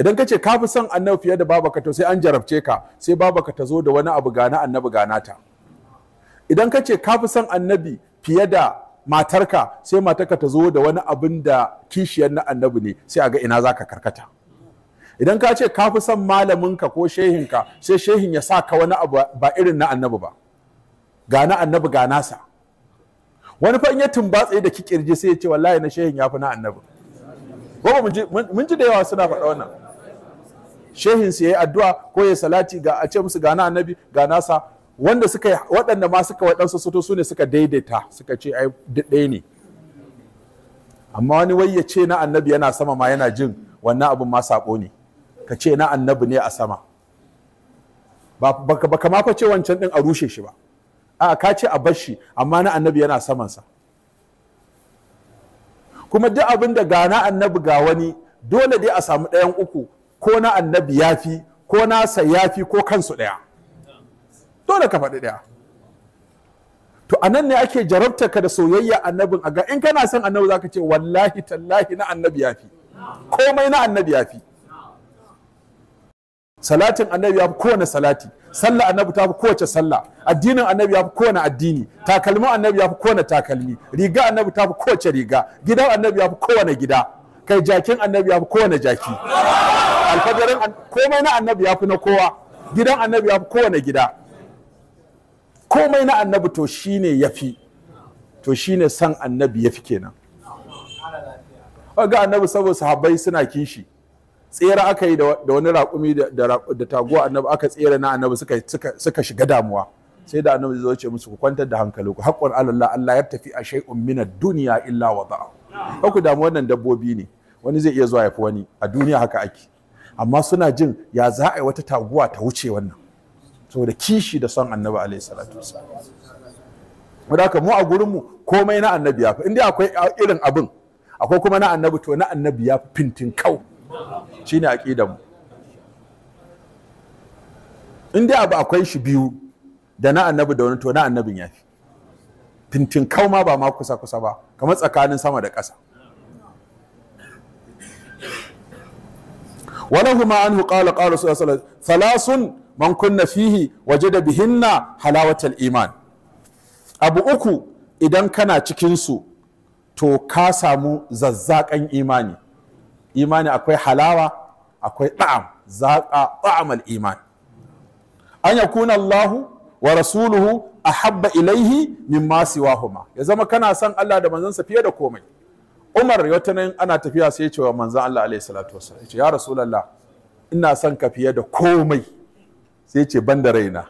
idan ka ce ka fi son annabi fiye da babaka, to sai an jarabce ka sai babaka ta zo da wani abu gana annabi gana ta idan ka ce kafi fi son annabi fiye da matarka sai matarka ta zo da wani abin da kishiyar na annabi ne sai a ga ina za ka karkata idan ka ce ka fi son malaminka ko shehinka sai shehin ya sa ka wani abu ba irin na annabi ba ga annabi ga nasa wani fa in ya tumbatse da kikirji sai ya ce wallahi na shehin ya fi na annabi Gobe mun ji da yawa suna faɗa wannan shehin su ya yi addu'a ko ya salati a ce musu ga annabi ga nasa wanda suka waɗanda ma suka waɗansu soto su ne suka daidaita suka ce ai ɗaya ne amma wani wai ya ce na annabi yana sama ma yana jin wannan abin ma saƙo ne ka ce na annabi ne a sama ba ka ma ce wancan ɗin a rushe shi ba a ka ce a bashi amma na annabi yana samansa kuma duk abin da ga na annabi ga wani dole dai a samu ɗayan uku ko na annabi ya fi ko nasa ya fi ko kansu ɗaya dole ka faɗi ɗaya to a nan ne ake jarabta ka da soyayya annabin a ga in kana son annabi zaka ce wallahi tallahi na annabi ya fi komai na annabi ya fi salatin annabi ya fi kowane salati sallah annabi ta fi kowace sallah addinin annabi ya fi kowane addini takalmin annabi ya fi kowane takalmi riga annabi ta fi kowace riga gidan annabi ya fi kowane gida kai jakin annabi ya fi kowane jaki alfajarin komai na annabi ya fi na kowa gidan annabi ya fi kowane gida komai na annabi to shine yafi to shine san annabi yafi kenan ga annabi saboda sahabai suna kishi tsera aka yi da wani raƙumi da taguwa annabi aka tsera na annabi suka shiga damuwa sai da annabi zai ce musu ku kwantar da hankali ku haƙƙon Allah Allah ya tafi a shay'un min duniya illa illa wada'a ku damu wannan dabbobi ne wani zai iya zuwa ya fi wani a duniya haka ake amma suna jin ya za a yi wata taguwa ta wuce wannan saboda kishi da son annabi alaihi salatu wasallam wadaka mu a gurinmu komai na annabi ya fi inda akwai irin abin akwai kuma na annabi to na annabi ya fi fintin kau shine aqidar mu inda abu akwai shi biyu da na annabi da wani to na annabin ya fi fintin kau ma ba ma kusa kusa ba kamar tsakanin sama da ƙasa Wani عنه an قال رسول الله صلى الله man kunna fihi da bihinna halawatal iman abu uku idan kana cikinsu to ka samu zazzakan imani imani akwai halawa akwai ɗa'am zaƙa ɗa'amal iman an yakuna kuna Allahu wa rasuluhu a habba ilaihi min masu wahuma ya zama kana son Allah da manzansa fiye da komai umar wata nan ana tafiya sai ya ce wa manzan Allah alaihi salatu wasu ya ce ya rasulallah ina son ka fiye da komai sai ce ban da raina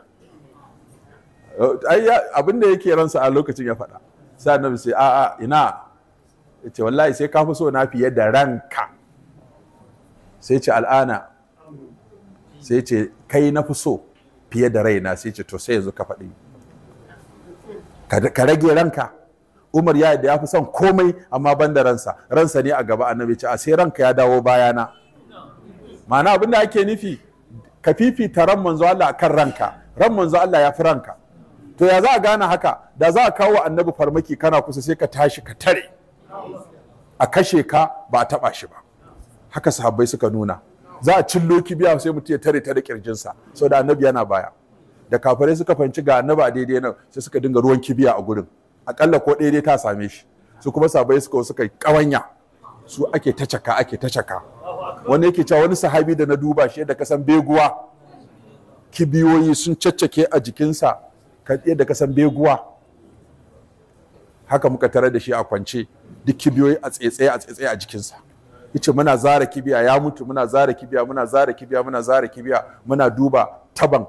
abin da yake ransa a lokacin ya faɗa sai annabi sai a'a ina ya ce wallahi sai ka fi so na fiye da ranka sai ce al'ana sai ce kai na fi so fiye da raina sai ce to sai yanzu ka faɗi ka rage ranka umar ya da ya fi son komai amma ban da ransa ransa ne a gaba annabi ce a sai ranka ya dawo bayana ma'ana abinda da ake nufi ka fifita ran manzo Allah akan ranka ran manzo Allah ya fi ranka to ya za a gane haka da za a kawo annabi farmaki kana kusa sai ka tashi ka tare a kashe ka ba a taba shi ba haka sahabbai suka nuna za a cillo kibiya sai mutum ya tare ta da Sau da annabi yana baya da kafirai suka fanci ga annabi a daidai nan sai suka dinga ruwan kibiya a gurin akalla ko daidai ta same shi su kuma sahabbai suka suka kawanya su ake ta caka ake ta caka wani yake cewa wani sahabi da na duba shi da kasan beguwa kibiyoyi sun caccake a jikinsa ka da kasan beguwa haka muka tare da shi a kwance duk kibiyoyi a tsaye a tsaye a jikinsa yace muna zara kibiya ya mutu muna zara kibiya muna zara kibiya muna zara kibiya muna duba taban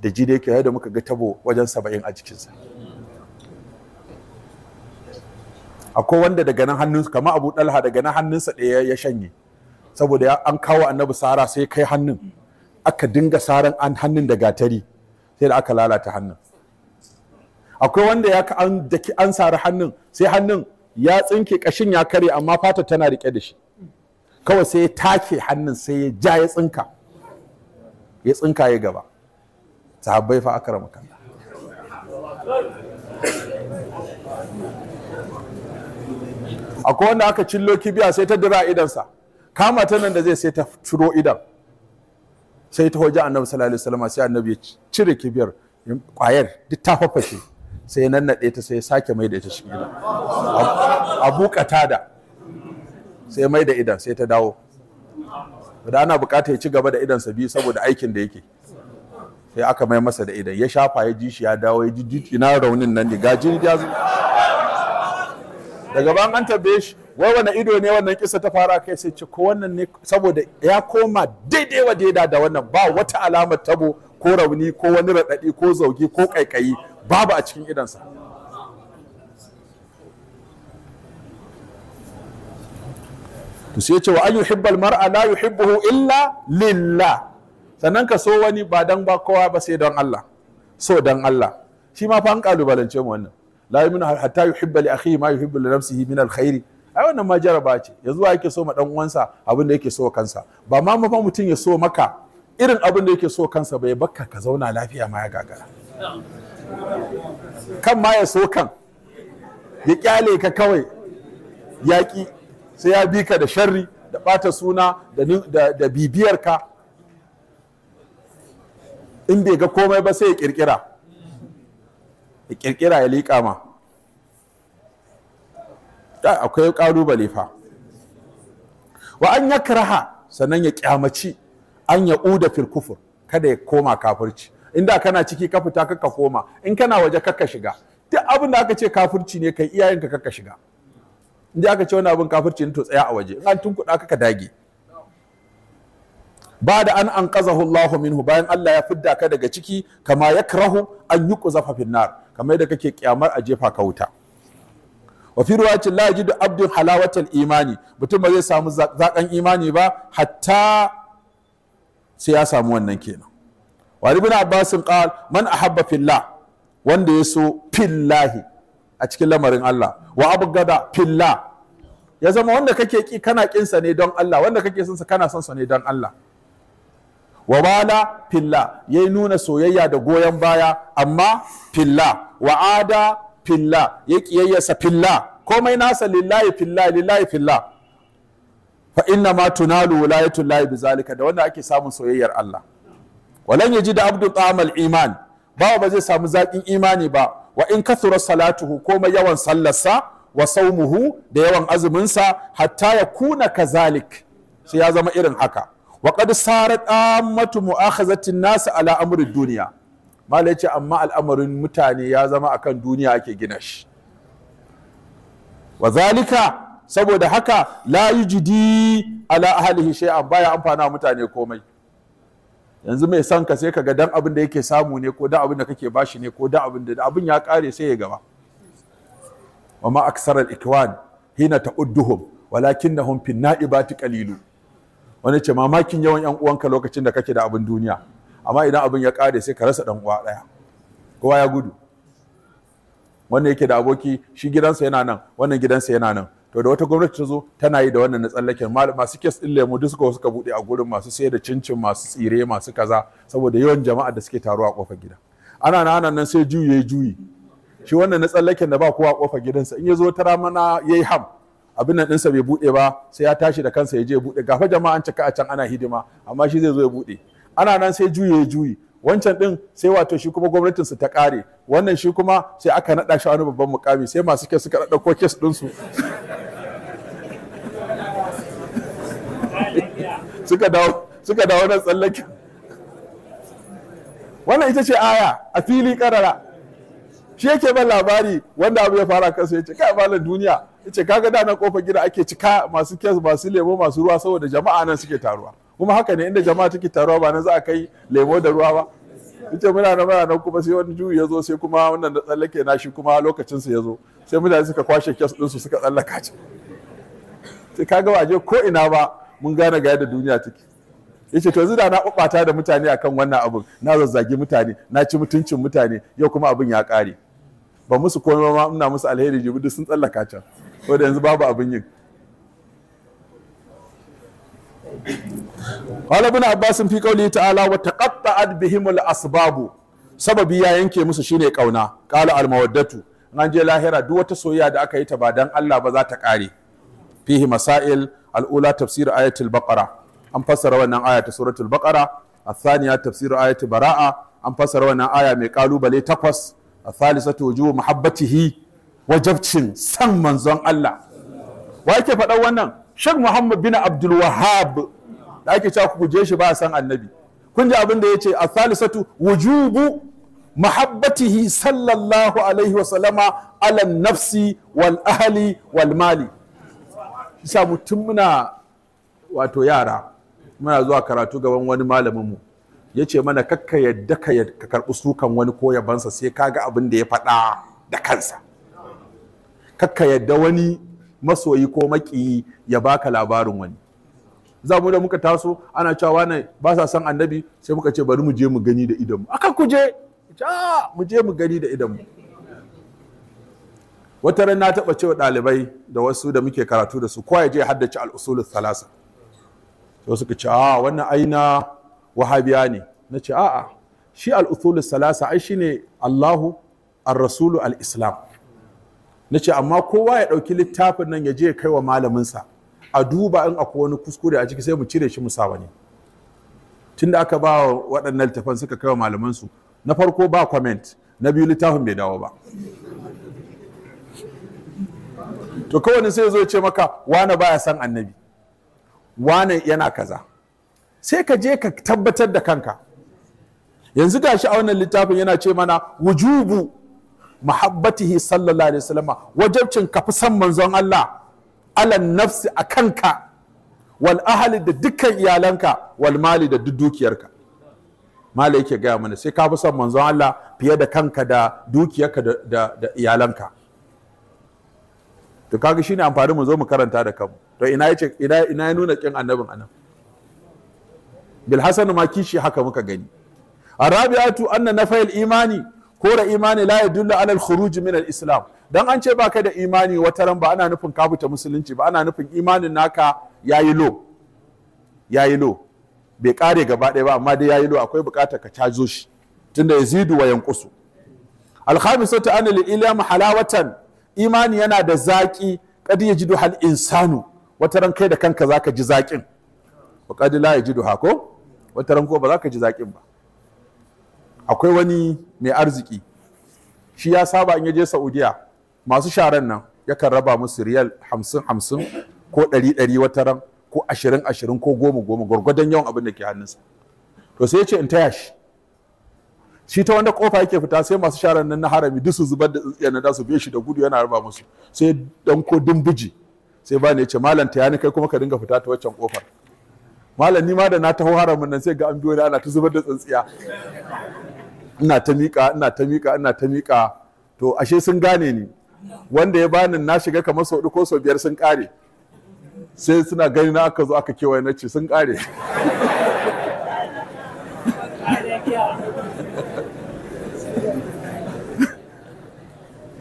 da jide yake da muka ga tabo wajen saba'in a jikinsa akwai wanda daga nan hannunsa kamar abu dalha daga nan hannunsa ɗaya ya shanye saboda an kawo annabi sara sai kai hannun aka dinga saran an hannun da gatari sai da aka lalata hannun akwai wanda ya ka an daki an sari hannun sai hannun ya tsinke kashin ya kare amma fata tana rike da shi kawai sai ya take hannun sai ya ja ya tsinka ya tsinka ya gaba sahabbai fa aka rama akwai wanda aka cillo kibiya sai ta dira idansa kama ta nan da zai sai ta ciro idan sai ta hoji annabi sallallahu alaihi wasallam sai annabi ya cire kibiyar kwayar duk ta fafashe sai nan nade ta sai sake mai da ita shi gida abu da sai mai da idan sai ta dawo da ana bukata ya ci gaba da idansa biyu saboda aikin da yake sai aka mai masa da idan ya shafa ya ji shi ya dawo ya ji ina raunin nan ne gajin ya daga ban an tabbe shi wai wani ido ne wannan kisa ta fara kai sai ce ko wannan ne saboda ya koma daidai wa daida da wannan ba wata alamar tabo ko rauni ko wani raɗaɗi ko zaugi ko kaikayi, babu a cikin idansa to sai ce wa an yuhibbal mar'a la yuhibbuhu illa lillah sannan ka so wani ba dan ba kowa ba sai don Allah so dan Allah shi ma fa an kalubalance mu wannan la yuminu hatta yuhibba li akhihi ma yuhibbu li nafsihi alkhairi ai wannan ma jaraba ce yanzu yake so ma dan uwansa abin da yake so kansa ba ma mafa mutum ya so maka irin abin da yake so kansa bai bakka ka zauna lafiya ma ya gagara kan ma ya so kan ya kyale ka kawai yaƙi sai ya bi ka da sharri da ɓata suna da bibiyar ka in bai ga komai ba sai ya ƙirƙira Da kirkira ya liƙa ma akwai ƙalubale fa wa an ya karaha sannan ya kyamaci an ya uda fil kada ya koma kafirci inda kana ciki ka fita koma in kana waje kaka shiga duk abin da aka ce kafirci ne kai iyayenka ka shiga inda aka ce wani abin kafirci ne to tsaya a waje in an tunkuɗa ka dage ba da an an kazahu Allah minhu bayan Allah ya fidda ka daga ciki kama ya karahu an yi kuzafa finnar kamar da kake kyamar a jefa ka wuta wa fi cin la yajidu abdu halawatal imani mutum ba zai samu zaƙan imani ba hatta sai ya samu wannan kenan wa ibn abbas qal man ahabba Filla wanda ya so fillahi a cikin lamarin Allah wa abgada "Filla" ya zama wanda kake ki kana ƙinsa ne don Allah wanda kake son kana son sa ne don Allah wa wala filla ya nuna soyayya da goyon baya amma filla wa ada filla ya kiyayyasa filla komai nasa lillahi filla lillahi filla fa inna ma tunalu walayatul lahi bizalika da wanda ake samun soyayyar Allah walan yaji da abdu qamal iman ba ba zai samu zaƙin imani ba wa in kathura salatuhu komai yawan sallarsa wa saumuhu da yawan azuminsa hatta ya kuna kazalik sai ya zama irin haka wa qad sarat ammatu mu'akhazatin nas ala amri duniya malai ce amma al'amarin mutane ya zama akan duniya ake gina shi Wazalika saboda haka la jidi ala ahlihi shay'an baya amfana mutane komai yanzu mai son ka sai ga dan abin da yake samu ne ko dan abin da kake bashi ne ko dan abin da abin ya kare sai ya gaba wa ma aksar al ikwan hina ta'udduhum walakinnahum fi na'ibati Kalilu. wani ce mamakin yawan yan uwanka lokacin da kake da abin duniya amma idan abin ya kare sai ka rasa dan uwa daya kowa ya gudu wanda yake da aboki shi gidansa yana nan wannan gidansa yana nan to da wata gwamnati ta zo tana yi da wannan na tsallaken masu kes din lemu duk suka suka bude a gurin masu sayar da cincin masu tsire masu kaza saboda yawan jama'a da suke taruwa a kofar gida ana na ana nan sai juyi ya juyi shi wannan na tsallaken da ba kowa a kofar gidansa in ya zo ta ramana yayi ham abin nan ɗinsa bai buɗe ba sai ya tashi da kansa ya je ya buɗe gafa jama'a an cika a can ana hidima amma shi zai zo ya buɗe ana nan sai juye ya juyi wancan ɗin sai wato shi kuma su ta ƙare wannan shi kuma sai aka naɗa shi wani babban mukami sai masu kyau suka ko kes ɗinsu suka dawo suka dawo nan tsallake. wannan ita ce aya a fili karara shi yake ban labari wanda abu ya fara kansa ya ce kai malam duniya ce kaga da nan kofar gida ake cika masu kes masu lemo masu ruwa saboda jama'a nan suke taruwa kuma haka ne inda jama'a take taruwa ba nan za a kai lemo da ruwa ba yace muna nan muna nan kuma sai wani juyi ya zo sai kuma wannan da tsallake na shi kuma lokacin su ya zo sai mutane suka kwashe kes ɗinsu suka tsallaka ci sai kaga ba ko ina ba mun gane ga yadda duniya take yace to yanzu da na ɓaɓata da mutane akan wannan abun na zazzagi mutane na ci mutuncin mutane yau kuma abin ya kare ba musu komai ma ina musu alheri jibi duk sun tsallaka can da yanzu babu abin yin Qala abbasin Abbas fi qawli ta'ala wa taqatta'at bihim al-asbabu sababi ya yanke musu shine kauna qala al-mawaddatu an je lahira duk wata soyayya da aka yi ta ba dan Allah ba za ta kare fihi masail al-ula tafsir ayatul baqara an fassara wannan aya ta suratul baqara الثانية تفسير آية براءة أن فسر وانا آية takwas بلي salisa الثالثة وجوه محبته wajabcin san manzon Allah wa yake faɗa wannan Sheikh Muhammad bin Abdul Wahab da ake cewa ku guje shi ba san annabi kun ji abin da ya yace salisatu wujubu mahabbatihi sallallahu alaihi wa sallama ala nafsi wal ahli wal mali isa mutum muna wato yara muna zuwa karatu gaban wani malamin mu ce mana kakka yadda ka karɓi sukan wani ko yabansa sai ga abin da ya faɗa da kansa kakka yadda wani masoyi ko makiyi ya baka labarin wani za mu da muka taso ana cewa wani ba sa son annabi sai muka ce bari mu je mu gani da idanmu aka ku je mu je mu gani da idanmu wata ran na taɓa cewa ɗalibai da wasu da muke karatu da su kowa ya je haddace al'usulul thalasa to suka ce a ah, wannan aina wahabiya ne na ce a'a shi al'usulul thalasa ai shine Allahu ar-rasulu al-islam na ce amma kowa ya ɗauki littafin nan ya je ya kai wa malaminsa a duba in akwai wani kuskure a ciki sai mu cire shi mu sa wani tunda aka ba wa waɗannan littafan suka kai wa malamansu na farko ba comment na biyu littafin bai dawo ba to kawai sai zo ce maka wane baya san annabi wane yana kaza sai ka je ka tabbatar da kanka yanzu gashi a wannan littafin yana ce mana wujubu mahabbatihi sallallahu alaihi wasallam wajabcin ka fi san manzon Allah alan nafsi a kanka wal ahali da dukkan iyalanka wal mali da dukiyarka Mali yake gaya mana sai ka fi son manzon Allah fiye da kanka da dukiyarka da, da, da iyalanka to kaga shine amfani mu zo mu karanta da kanmu to ina yace ina ina nuna kin annabin anan bil hasan ma kishi haka muka gani arabiatu anna nafayil imani kora imani la yadulla ala al min al-islam dan an ce baka da imani wataran ba ana nufin ka fita musulunci ba ana nufin imanin naka yayi lo yayi lo bai kare gaba daya ba amma dai yayi lo akwai bukatar ka cajo shi tunda yazidu wa yanqusu al-khamisatu an al-ilam halawatan imani yana da zaki kad yajidu hal insanu ran kai da kanka zaka ji zakin wa kad la yajidu hako ran ko ba zaka ji zakin ba akwai wani mai arziki shi ya saba in ya je saudiya masu sharan nan yakan raba musu riyal hamsin hamsin ko ɗari ɗari wata ran ko ashirin ashirin ko goma goma gwargwadon yawan abin da ke hannunsa to sai ya ce in taya shi shi ta wanda kofa yake fita sai masu sharan nan na harami duk su zubar da tsintsiya na da su shi da gudu yana raba musu sai dan ko dimbiji sai ba ne ya ce malam ta ni kai kuma ka dinga fita ta waccan kofar malam ni ma da na taho haramin nan sai ga an biyo da ana ta zubar da tsintsiya ina ta miƙa ina ta miƙa ina ta miƙa to ashe sun gane ni wanda ya bani na shiga kamar sau ko sau biyar sun kare. sai suna gani na aka zo aka kewaye na ce sun kare.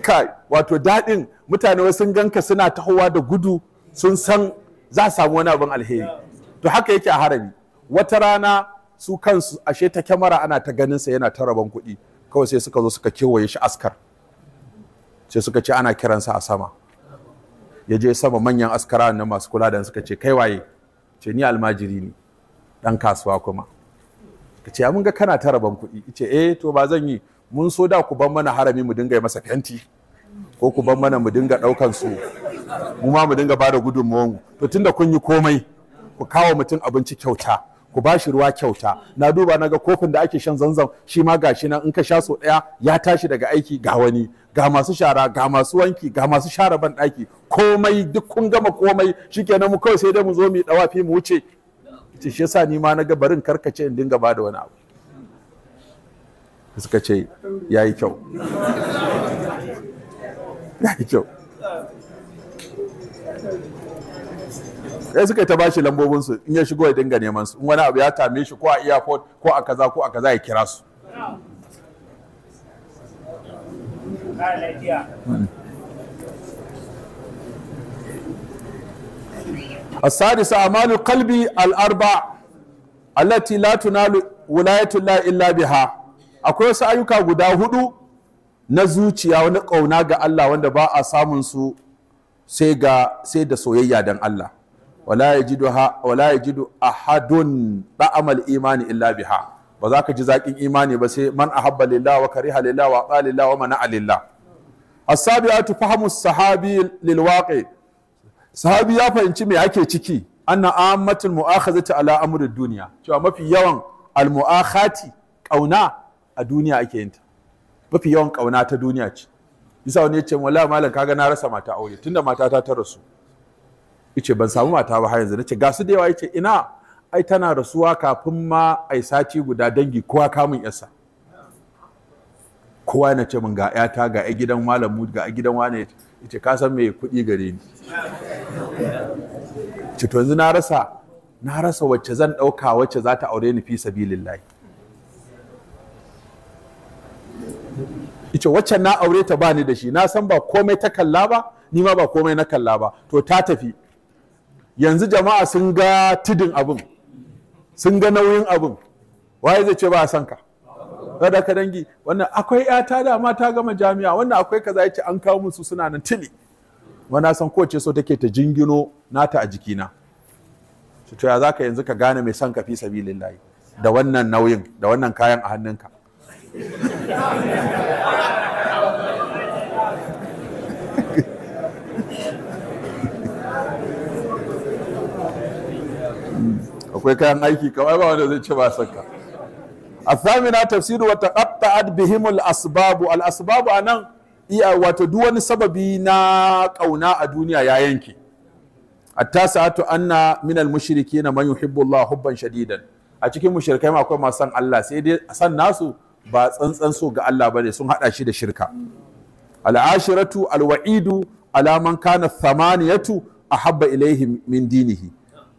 kai wato daɗin mutane wasu sun ganka suna tahowa da gudu sun san za samu wani abin alheri to haka yake a harami wata rana su kansu ashe ta kyamara ana ta ganin sa yana ta rabon kuɗi kawai sai suka zo suka kewaye shi askar sai suka ce ana kiransa a sama ya je sama manyan askara na masu kula da suka ce kai waye ce ni almajiri ne dan kasuwa kuma ka ce mun ga kana ta rabon kuɗi ce eh to ba zan yi mun so da ku ban mana harami mu dinga masa fenti ko ku ban mana mu dinga ɗaukan su mu ma mu dinga bada gudunmuwan to tunda kun yi komai ku kawo mutum abinci kyauta ku ba shi ruwa kyauta na duba naga kofin da ake shan zanzan shi ma gashi nan in ka sha so ɗaya ya tashi daga aiki ga wani ga masu shara ga masu wanki ga masu share ban daki komai duk kun gama komai shikenan mu kawai sai dai mu zo mu dawafi mu wuce shi yasa ni ma na ga barin karkace in dinga bada wani abu suka ce ya kyau ya kyau sai suka ta bashi lambobin su in ya shigo ya dinga neman su in wani abu ya tame shi ko a iya ko a kaza ko a kaza ya kira su السادسة أعمال القلب الأربع التي لا تنال ولاية الله illa biha, akwai wasu ayyuka guda hudu na zuciya wani ƙauna ga Allah wanda ba a samun su sai da soyayya don Allah wala ya jidu a ahadun ɗa'amal imani illa biha ba za ka ji zaƙin imani ba sai man a habba lillah wa kariha lillah wa ɓa lillah wa mana lillah as-sabi'atu fahmu sahabi lilwaƙe. sahabi ya fahimci me ake ciki anna ammatul mu'akhazati ala amri dunya cewa mafi yawan al mu'akhati kauna a duniya ake yin ta mafi yawan kauna ta duniya ce Isa wani ya ce wala malam kaga na rasa mata aure tunda matata ta rasu ce ban samu mata ba har yanzu ce ga su da yawa ce ina ai tana rasuwa kafin ma ai sati guda dangi kowa kamun yasa kowa na ce min ga yata ga a gidan malamu ga a gidan wane ce ka san me kuɗi gare ni ce to yanzu na rasa na rasa wacce zan ɗauka wacce za ta aure ni fi sabilillahi ita wacce na aure ta bani da shi na san ba komai ta kalla ba ni ma ba komai na kalla ba to ta tafi yanzu jama'a sun ga tudun abin sun ga nauyin abin waye zai ce ba a san ka kada ka dangi wannan akwai yata da mata ta gama jami'a wannan akwai kaza yace an kawo musu suna nan tili wana san kowace so take ta jingino nata a jikina to ya zaka yanzu ka gane mai san ka fi sabilillahi da wannan nauyin da wannan kayan a hannunka akwai kayan aiki kamar ba wanda zai ce ba A ka athamina tafsiru wa taqatta'at bihim al asbabu al a anan iya wato duk wani sababi na ƙauna a duniya ya yanke attasa'atu anna min al mushrikin man yuhibbu Allah hubban shadidan a cikin mushrikai akwai masu san Allah sai dai san nasu ba tsantsan so ga Allah bane sun hada shi da shirka al'ashiratu alwa'idu alaman kana thamaniyatu ahabba ilaihi min dinihi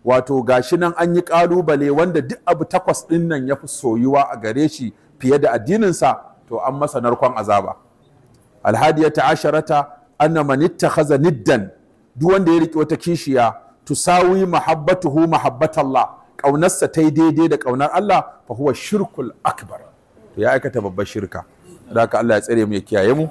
wato gashi nan an yi ƙalubale wanda duk abu takwas ɗin nan ya fi soyuwa a gare shi fiye da addininsa to an masa narkon azaba alhadiyata asharata anna man ittakhadha niddan duk wanda ya riƙe wata kishiya tusawi mahabbatuhu mahabbatallah ƙaunarsa ta yi daidai da ƙaunar Allah fa huwa shirkul akbar to ya aikata babbar shirka da haka Allah ya tsare mu ya kiyaye mu